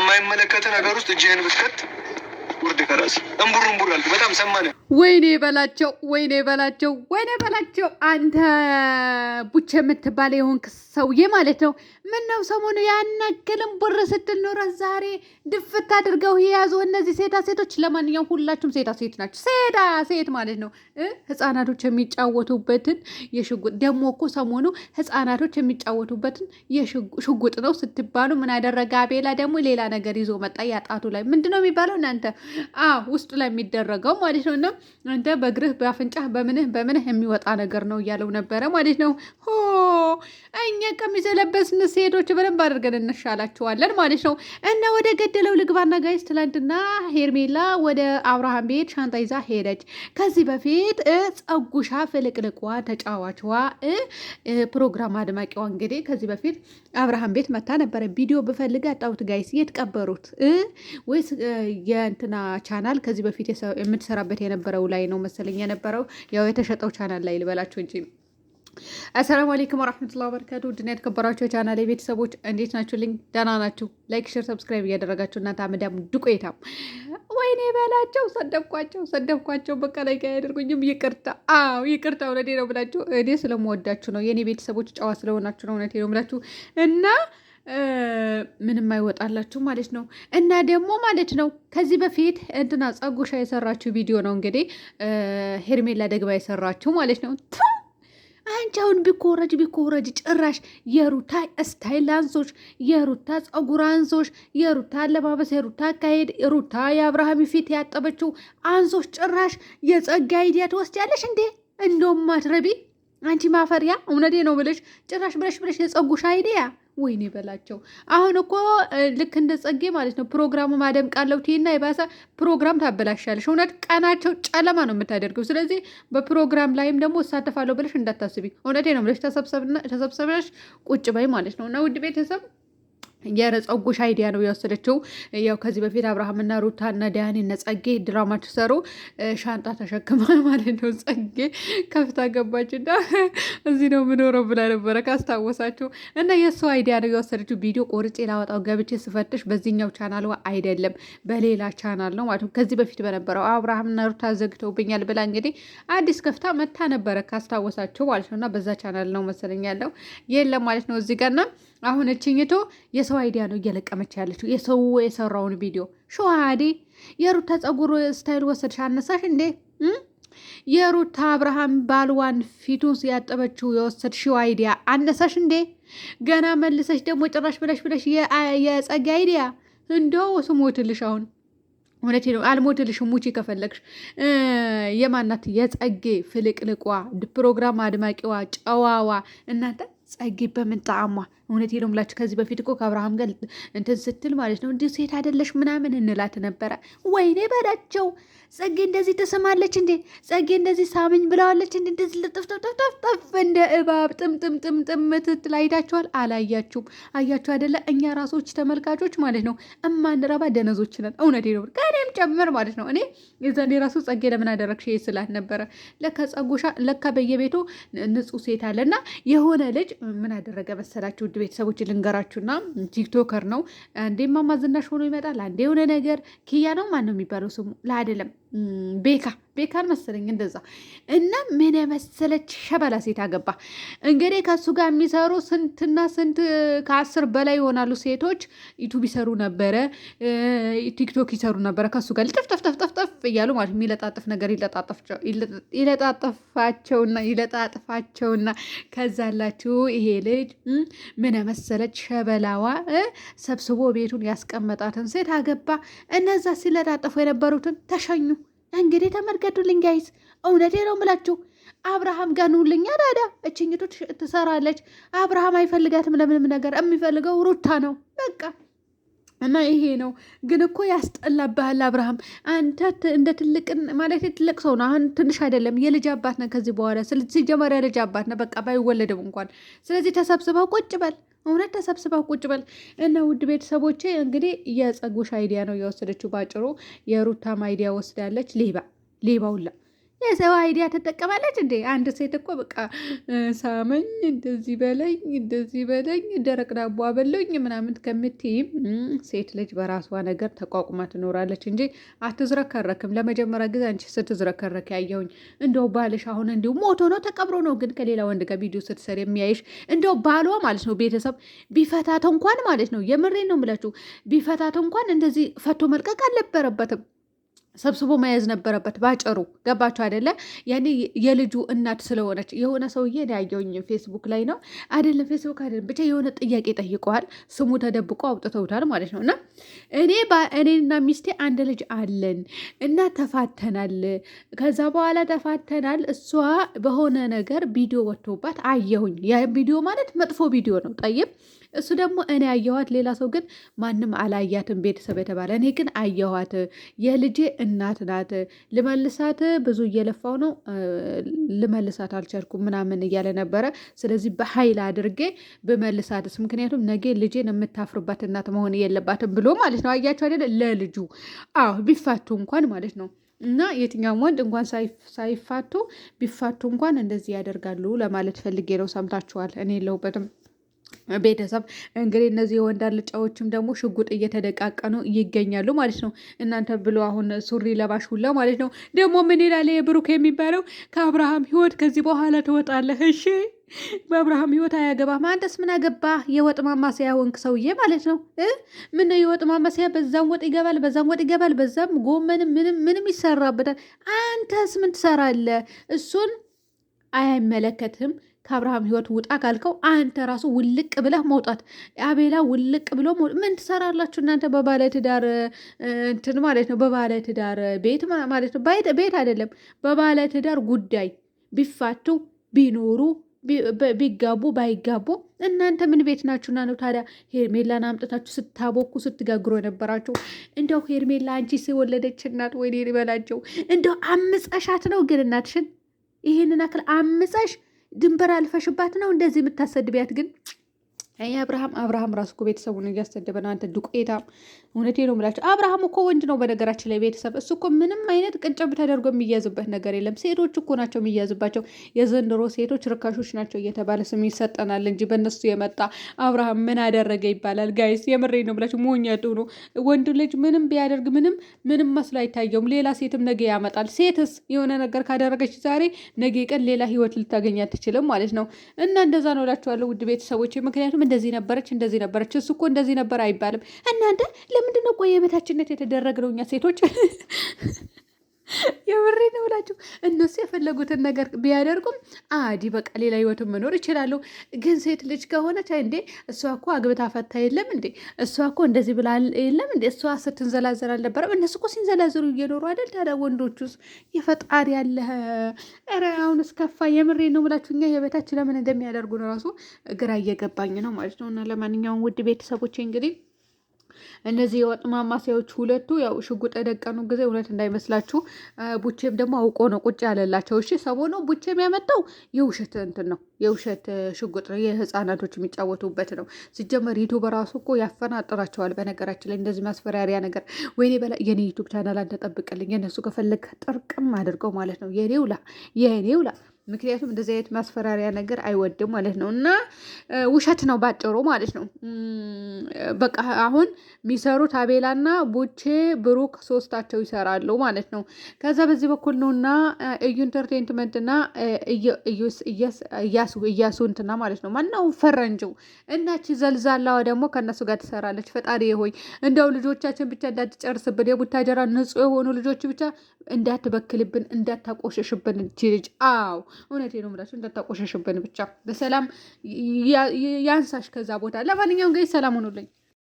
የማይመለከተ ነገር ውስጥ እጅህን ብትከት ውርድ ከራስ እምቡር እምቡር አልክ። በጣም ሰማነ ወይኔ በላቸው፣ ወይኔ በላቸው፣ ወይኔ በላቸው። አንተ ቡቼ የምትባለ የሆንክ ሰውዬ ማለት ነው። ነው ሰሞኑ ያናገልም ብር ስትል ኖረ፣ ዛሬ ድፍት አድርገው የያዙ እነዚህ ሴታ ሴቶች። ለማንኛውም ሁላችሁም ሴታ ሴት ናቸው። ሴታ ሴት ማለት ነው ህፃናቶች የሚጫወቱበትን የሽጉጥ ደግሞ እኮ ሰሞኑ ህፃናቶች የሚጫወቱበትን የሽጉጥ ነው ስትባሉ ምን አደረገ አቤላ? ደግሞ ሌላ ነገር ይዞ መጣ። ያጣቱ ላይ ምንድነው የሚባለው እናንተ ውስጡ ላይ የሚደረገው ማለት ነው እንደ በእግርህ በአፍንጫህ በምንህ በምንህ የሚወጣ ነገር ነው እያለው ነበረ ማለት ነው። ሆ እኛ ቀሚስ የለበስን ሴቶች በደንብ አድርገን እንሻላችኋለን ማለት ነው። እና ወደ ገደለው ልግባና ጋይስ፣ ትላንትና ሄርሜላ ወደ አብርሃም ቤት ሻንጣ ይዛ ሄደች። ከዚህ በፊት ፀጉሻ ፍልቅልቋ ተጫዋችዋ ፕሮግራም አድማቂዋ እንግዲህ ከዚህ በፊት አብርሃም ቤት መታ ነበረ። ቪዲዮ ብፈልግ አጣሁት ጋይስ። የት ቀበሩት ወይስ የእንትና ቻናል ከዚህ በፊት የምትሰራበት የነበረ የነበረው ላይ ነው መሰለኝ የነበረው ያው የተሸጠው ቻናል ላይ ልበላችሁ እንጂ አሰላሙ አሌይኩም ወራህመቱላሂ ወበረካቱ ድና የተከበራችሁ የቻናሌ ቤተሰቦች እንዴት ናችሁ? ልኝ ደህና ናችሁ? ላይክ፣ ሼር፣ ሰብስክራይብ እያደረጋችሁ እናንተ አመዳም ዱቄታም ወይኔ በላቸው። ሰደብኳቸው ሰደብኳቸው በቃ ላይ አያደርጉኝም። ይቅርታ። አዎ ይቅርታ፣ እውነቴ ነው ብላችሁ እኔ ስለምወዳችሁ ነው የእኔ ቤተሰቦች ጨዋ ስለሆናችሁ ነው። እውነቴ ነው ብላችሁ እና ምንም አይወጣላችሁ ማለት ነው። እና ደግሞ ማለት ነው ከዚህ በፊት እንትና ፀጉሻ የሰራችሁ ቪዲዮ ነው እንግዲህ ሄርሜላ ደግባ የሰራችሁ ማለት ነው። አንቺ አሁን ቢኮረጅ ቢኮረጅ ጭራሽ የሩታ ስታይል አንሶች፣ የሩታ ፀጉር አንሶች፣ የሩታ አለባበስ፣ የሩታ አካሄድ፣ ሩታ የአብርሃም ፊት ያጠበችው አንሶች፣ ጭራሽ የጸጋ አይዲያ ትወስጃለሽ እንዴ? እንደውም ማትረቢ አንቺ ማፈሪያ! እውነቴ ነው ብለሽ ጭራሽ ብለሽ ብለሽ የጸጉሻ አይዲያ ወይኔ በላቸው። አሁን እኮ ልክ እንደ ጸጌ ማለት ነው ፕሮግራሙ ማደምቃለው ቲና የባሰ ፕሮግራም ታበላሻለሽ። እውነት ቀናቸው ጨለማ ነው የምታደርገው። ስለዚህ በፕሮግራም ላይም ደግሞ እሳተፋለሁ ብለሽ እንዳታስቢ። እውነቴ ነው ብለሽ ተሰብሰብነሽ ቁጭ በይ ማለት ነው እና ውድ ቤተሰብ የረጸጉሽ አይዲያ ነው የወሰደችው። ያው ከዚህ በፊት አብርሃምና ሩታ እና ዳያኒና ጸጌ ድራማ ትሰሩ ሻንጣ ተሸክመ ማለት ነው። ጸጌ ከፍታ ገባችና እዚህ ነው የምኖረው ብላ ነበረ ካስታወሳችሁ። እና የእሱ አይዲያ ነው የወሰደችው። ቪዲዮ ቆርጬ ላወጣው ገብቼ ስፈትሽ በዚህኛው ቻናል አይደለም በሌላ ቻናል ነው ማለት ነው። ከዚህ በፊት በነበረው አብርሃምና ሩታ ዘግተውብኛል ብላ እንግዲህ አዲስ ከፍታ መታ ነበረ ካስታወሳችሁ ማለት ነው። እና በዛ ቻናል ነው መሰለኝ ያለው የለም ማለት ነው እዚህ ጋር እና አሁን እችኝቶ የሰው አይዲያ ነው እየለቀመች ያለችው፣ የሰው የሰራውን ቪዲዮ ሸዋዴ። የሩታ ፀጉር ስታይል ወሰድሽ አነሳሽ እንዴ? የሩታ አብርሃም ባልዋን ፊቱን ያጠበችው የወሰድሽው አይዲያ አነሳሽ እንዴ? ገና መልሰሽ ደግሞ ጭራሽ ብለሽ ብለሽ የጸጋ አይዲያ እንደው ስሞትልሽ አሁን እውነት ነው። አልሞትልሽም፣ ሙቺ ከፈለግሽ። የማናት የጸጌ ፍልቅልቋ ፕሮግራም አድማቂዋ ጨዋዋ እናንተ ጸጌ በምን ጣዕሟ እውነት ነው ከዚህ በፊት እኮ ከአብርሃም ጋር እንትን ስትል ማለት ነው እንዲ ሴት አይደለሽ ምናምን እንላት ነበረ። ወይኔ በላቸው ጸጌ እንደዚህ ትስማለች እንዴ? ጸጌ እንደዚህ ሳምኝ ብለዋለች እንዴ? እንደዚህ ልጥፍጥፍጥፍጥፍ እንደ እባብ ጥምጥምጥምጥም ትትል አይታችኋል? አላያችሁም? አያችሁ አይደለ? እኛ ራሶች ተመልካቾች ማለት ነው እማንረባ ደነዞች ነን። እውነት ነው ከእኔም ጨምር ማለት ነው። እኔ የዛኔ ራሱ ጸጌ ለምን አደረግሽ ስላት ነበረ። ለካ ጸጉሻ ለካ በየቤቱ ንጹህ ሴት አለና የሆነ ልጅ ምን አደረገ መሰላችሁ? ውድ ቤተሰቦች ልንገራችሁና ቲክቶከር ነው እንዴ እማማ ዝናሽ ሆኖ ይመጣል። አንዴ የሆነ ነገር ኪያ ነው ማን ነው የሚባለው ስሙ ለአደለም ቤካ ቤካን መሰለኝ እንደዛ እና ምን የመሰለች ሸበላ ሴት አገባ። እንግዲህ ከእሱ ጋር የሚሰሩ ስንትና ስንት ከአስር በላይ ይሆናሉ ሴቶች ዩቱብ ይሰሩ ነበረ፣ ቲክቶክ ይሰሩ ነበረ ከእሱ ጋር ልጠፍጠፍጠፍጠፍጠፍ እያሉ ማለት የሚለጣጥፍ ነገር ይለጣጥፋቸውና ይለጣጥፋቸውና ከዛ ከዛላችሁ ይሄ ልጅ ምን መሰለች ሸበላዋ ሰብስቦ ቤቱን ያስቀመጣትን ሴት አገባ። እነዛ ሲለጣጥፉ የነበሩትን ተሸኙ። እንግዲህ ተመልከቱልኝ ጋይስ፣ እውነቴ ነው ምላችሁ አብርሃም ጋር ኑልኛ ዳዳ እችኝቱ ትሰራለች። አብርሃም አይፈልጋትም ለምንም ነገር፣ የሚፈልገው ሩታ ነው በቃ እና ይሄ ነው ግን እኮ ያስጠላብሃል አብርሃም። አንተ እንደ ትልቅ ማለት ትልቅ ሰው ነው አሁን ትንሽ አይደለም። የልጅ አባት ነህ ከዚህ በኋላ ስለዚህ ጀመሪያ ልጅ አባት ነህ በቃ ባይወለድም እንኳን ስለዚህ ተሰብስበው ቁጭ በል እውነት ተሰብስባ ቁጭ በል እና ውድ ቤተሰቦቼ እንግዲህ የፀጉሽ አይዲያ ነው የወሰደችው። ባጭሩ የሩታም አይዲያ ወስዳለች። ሌባ ሌባውላ የሰው አይዲያ ትጠቀማለች እንዴ? አንድ ሴት እኮ በቃ ሳመኝ፣ እንደዚህ በለኝ፣ እንደዚህ በለኝ፣ ደረቅ ዳቦ አበለኝ ምናምን ከምትይም ሴት ልጅ በራሷ ነገር ተቋቁማ ትኖራለች እንጂ አትዝረከረክም። ለመጀመሪያ ጊዜ አንቺ ስትዝረከረክ ያየሁኝ። እንደው ባልሽ አሁን እንዲሁ ሞቶ ነው ተቀብሮ ነው ግን ከሌላ ወንድ ጋር ቪዲዮ ስትሰር የሚያይሽ እንደው ባሏ ማለት ነው ቤተሰብ ቢፈታት እንኳን ማለት ነው የምሬ ነው የምላችሁ ቢፈታት እንኳን እንደዚህ ፈቶ መልቀቅ አልነበረበትም። ሰብስቦ መያዝ ነበረበት ባጭሩ። ገባቸው አይደለ? ያኔ የልጁ እናት ስለሆነች የሆነ ሰውዬ ያየውኝ ፌስቡክ ላይ ነው አይደለም፣ ፌስቡክ አይደለም፣ ብቻ የሆነ ጥያቄ ጠይቀዋል። ስሙ ተደብቆ አውጥተውታል ማለት ነው። እና እኔ እኔና ሚስቴ አንድ ልጅ አለን እና ተፋተናል። ከዛ በኋላ ተፋተናል። እሷ በሆነ ነገር ቪዲዮ ወጥቶባት አየሁኝ። ያ ቪዲዮ ማለት መጥፎ ቪዲዮ ነው። ጠይብ እሱ ደግሞ እኔ አየኋት፣ ሌላ ሰው ግን ማንም አላያትም ቤተሰብ የተባለ እኔ ግን አየኋት፣ የልጄ እናት ናት፣ ልመልሳት ብዙ እየለፋው ነው ልመልሳት አልቻልኩም ምናምን እያለ ነበረ። ስለዚህ በኃይል አድርጌ ብመልሳትስ፣ ምክንያቱም ነገ ልጄን የምታፍርባት እናት መሆን የለባትም ብሎ ማለት ነው። አያቸው አይደለ ለልጁ። አዎ ቢፋቱ እንኳን ማለት ነው እና የትኛውም ወንድ እንኳን ሳይፋቱ ቢፋቱ እንኳን እንደዚህ ያደርጋሉ ለማለት ፈልጌ ነው። ሰምታችኋል። እኔ የለሁበትም። ቤተሰብ እንግዲህ እነዚህ የወንድ አልጫዎችም ደግሞ ሽጉጥ እየተደቃቀኑ ይገኛሉ ማለት ነው። እናንተ ብሎ አሁን ሱሪ ለባሽ ሁላ ማለት ነው። ደግሞ ምን ይላል ብሩክ የሚባለው ከአብርሃም ህይወት ከዚህ በኋላ ትወጣለህ። እሺ በአብርሃም ህይወት አያገባም። አንተስ ምን አገባ? የወጥ ማማሰያ ወንክ ሰውዬ ማለት ነው። ምን ነው የወጥ ማማሰያ? በዛም ወጥ ይገባል፣ በዛም ወጥ ይገባል፣ በዛም ጎመንም ምንም ምንም ይሰራበታል። አንተስ ምን ትሰራለህ? እሱን አይመለከትም ከአብርሃም ህይወት ውጣ ካልከው አንተ ራሱ ውልቅ ብለህ መውጣት አቤላ ውልቅ ብሎ ምን ትሰራላችሁ እናንተ በባለ ትዳር እንትን ማለት ነው። በባለ ትዳር ቤት ማለት ነው። ቤት አይደለም፣ በባለ ትዳር ጉዳይ ቢፋቱ ቢኖሩ ቢጋቡ ባይጋቡ እናንተ ምን ቤት ናችሁና ነው ታዲያ ሄርሜላን አምጥታችሁ ስታቦኩ ስትጋግሮ የነበራችሁ? እንደው ሄርሜላ አንቺ ስወለደች እናት ወይ ሊበላቸው እንደው አምፀሻት ነው ግን እናትሽን ይህንን አክል አምፀሽ ድንበር አልፈሽባት ነው እንደዚህ የምታሰድቢያት ግን አይ አብርሃም አብርሃም ራሱ እኮ ቤተሰቡን እያስተደበ ነው። አንተ ዱቄታ፣ እውነቴ ነው የምላቸው። አብርሃም እኮ ወንድ ነው በነገራችን ላይ ቤተሰብ። እሱ እኮ ምንም አይነት ቅንጭብ ተደርጎ የሚያዝበት ነገር የለም። ሴቶች እኮ ናቸው የሚያዝባቸው። የዘንድሮ ሴቶች ርካሾች ናቸው እየተባለ ስም ይሰጠናል እንጂ በእነሱ የመጣ አብርሃም ምን አደረገ ይባላል። ጋይስ የምሬ ነው የምላቸው። ሞኛጡ ነው ወንድ ልጅ ምንም ቢያደርግ ምንም ምንም መስሎ አይታየውም። ሌላ ሴትም ነገ ያመጣል። ሴትስ የሆነ ነገር ካደረገች ዛሬ ነገ ቀን ሌላ ህይወት ልታገኝ አትችልም ማለት ነው። እና እንደዛ ነው እላቸዋለሁ ውድ ቤተሰቦች ምክንያቱም እንደዚህ ነበረች፣ እንደዚህ ነበረች፣ እሱ እኮ እንደዚህ ነበር አይባልም። እናንተ ለምንድነው ቆየ በታችነት የበታችነት የተደረግነው እኛ ሴቶች? የምሬ ነው ብላችሁ እነሱ የፈለጉትን ነገር ቢያደርጉም አዲ በቃ ሌላ ህይወትን መኖር ይችላሉ። ግን ሴት ልጅ ከሆነች እንዴ እሷ እኮ አግብታ ፈታ የለም እንዴ እሷ እኮ እንደዚህ ብላ የለም እንዴ እሷ ስትንዘላዘል አልነበረም። እነሱ እኮ ሲንዘላዘሉ እየኖሩ አይደል? ታዲያ ወንዶቹስ የፈጣሪ ያለ ኧረ አሁን እስከፋ። የምሬ ነው ብላችሁ እኛ የቤታችን ለምን እንደሚያደርጉ ነው ራሱ ግራ እየገባኝ ነው ማለት ነው። እና ለማንኛውም ውድ ቤተሰቦች። እንግዲህ እነዚህ የወጥ ማማሰያዎች ሁለቱ ያው ሽጉጥ የደቀኑ ጊዜ እውነት እንዳይመስላችሁ። ቡቼም ደግሞ አውቆ ነው ቁጭ ያለላቸው። እሺ ሰቦ ነው ቡቼም ያመጣው የውሸት እንትን ነው፣ የውሸት ሽጉጥ የህፃናቶች የሚጫወቱበት ነው። ሲጀመር ዩቱብ በራሱ እኮ ያፈናጥራቸዋል። በነገራችን ላይ እንደዚህ ማስፈራሪያ ነገር ወይኔ በላ የኔ ዩቱብ ቻናል አንተጠብቅልኝ። የነሱ ከፈለግ ጥርቅም አድርገው ማለት ነው። የኔውላ የኔውላ ምክንያቱም እንደዚህ አይነት ማስፈራሪያ ነገር አይወድም ማለት ነው። እና ውሸት ነው ባጭሩ ማለት ነው። በቃ አሁን የሚሰሩት አቤላና ቡቼ ብሩክ ሶስታቸው ይሰራሉ ማለት ነው። ከዛ በዚህ በኩል ነው እና እዩ ኢንተርቴንመንትና እያሱ እንትና ማለት ነው ማነው ፈረንጅው እናች ዘልዛላዋ ደግሞ ከእነሱ ጋር ትሰራለች። ፈጣሪ ሆይ እንደው ልጆቻችን ብቻ እንዳትጨርስብን የቡታጀራ ንጹህ የሆኑ ልጆች ብቻ እንዳትበክልብን፣ እንዳታቆሸሽብን ልጅ አዎ እውነቴ ነው የምላችሁ እንዳታቆሸሽብን ብቻ በሰላም ያንሳሽ ከዛ ቦታ። ለማንኛውም ገይ ሰላም ሆኖልኝ